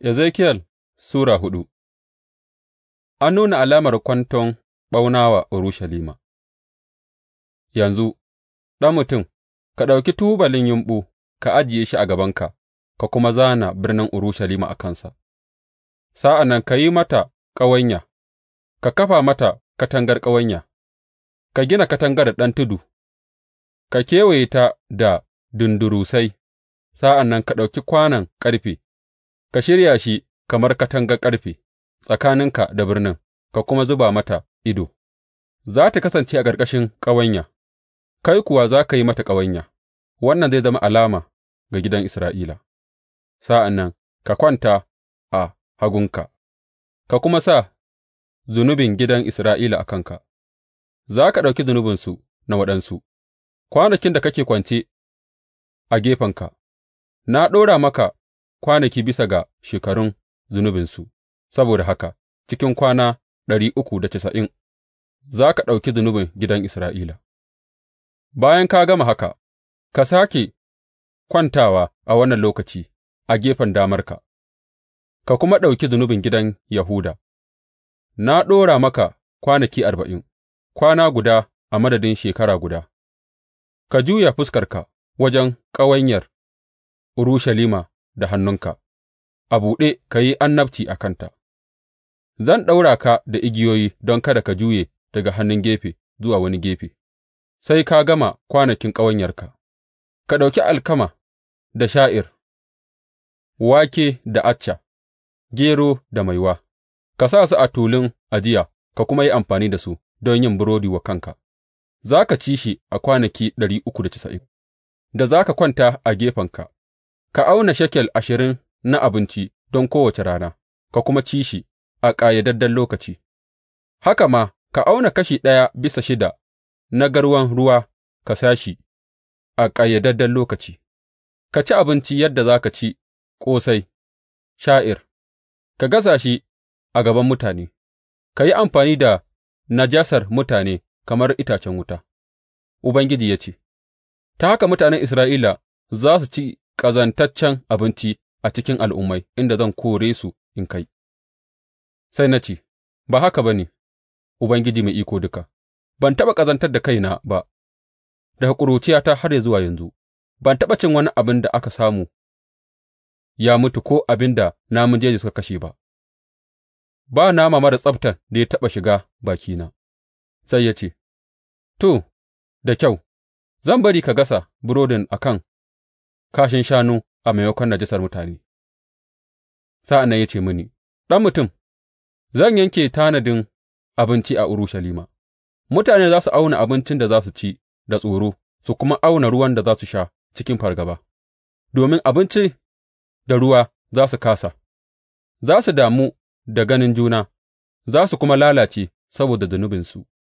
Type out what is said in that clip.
Ezekiyel Sura hudu An nuna alamar kwanton ɓauna wa Urushalima Yanzu, ɗan mutum, ka ɗauki tubalin yumɓu ka ajiye shi a gabanka ka kuma zana birnin Urushalima a kansa, sa'an nan ka yi mata ƙawanya, ka kafa mata katangar ƙawanya, ka gina katangar ɗan tudu, ka kewaye ta da dundurusai, sa'an nan ka ɗauki kwanon ƙarfe. Ka shirya shi kamar katangar ƙarfe tsakaninka da birnin ka kuma zuba mata ido; za ta kasance a ƙarƙashin ƙawanya, kai kuwa za ka yi mata ƙawanya, wannan zai zama alama ga gidan Isra'ila Sa'an nan ka kwanta a hagunka ka kuma sa zunubin gidan Isra'ila a kanka; za ka ɗauki zunubinsu na waɗansu kwanakin da kake kwance a gefenka, na ɗora maka. kwanaki bisa ga shekarun zunubinsu, saboda haka cikin kwana ɗari uku da casa'in, za ka ɗauki zunubin gidan Isra'ila, bayan ka gama haka, ka sāke kwantawa a wannan lokaci a gefen damarka, ka kuma ɗauki zunubin gidan Yahuda, na ɗora maka kwanaki arba'in, kwana guda a madadin shekara guda, ka juya fuskarka wajen ƙawanyar Urushalima da hannunka a buɗe ka yi annabci a kanta; zan ɗaura ka da igiyoyi don kada ka juye daga hannun gefe zuwa wani gefe sai ka gama kwanakin ƙawanyarka; ka ɗauki alkama da sha'ir, wake da acca, gero da maiwa, ka sa su a tulun ajiya ka kuma yi amfani da su don yin burodi wa kanka, za ka ci shi a kwanaki uku da da za ka kwanta a gefenka. Ka auna shekel ashirin na abinci don kowace rana ka kuma ci shi a ƙayyadadden lokaci, haka ma ka auna kashi ɗaya bisa shida na garwan ruwa ka sha shi a ƙayyadadden lokaci; ka ci abinci yadda za ka ci ƙosai, sha'ir, ka gasa shi a gaban mutane, ka yi amfani da najasar mutane kamar itacen wuta, Ubangiji ya ce, ta haka mutanen Isra'ila za su ci ƙazantaccen abinci a cikin al'ummai inda zan kore su in kai, sai na ce, Ba haka ba ne, Ubangiji Mai Iko Duka, ban taɓa ƙazantar da kaina ba, daga ƙuruciyata har ya zuwa yanzu, ban taɓa cin wani abin da aka samu ya mutu ko abin da namun jeji suka kashe ba, ba nama mara tsabtan da ya taɓa shiga bakina, sai ya ce, To, da kyau, zan bari ka gasa burodin a kan kashin shanu a maimakon najasar mutane. Sa'an nan ya ce mini, Ɗan mutum, zan yanke tanadin abinci a Urushalima, mutane za su auna abincin da za su ci da tsoro su kuma auna ruwan da za su sha cikin fargaba, domin abinci da ruwa za su kasa, za su damu da ganin juna, za su kuma lalace saboda zunubinsu.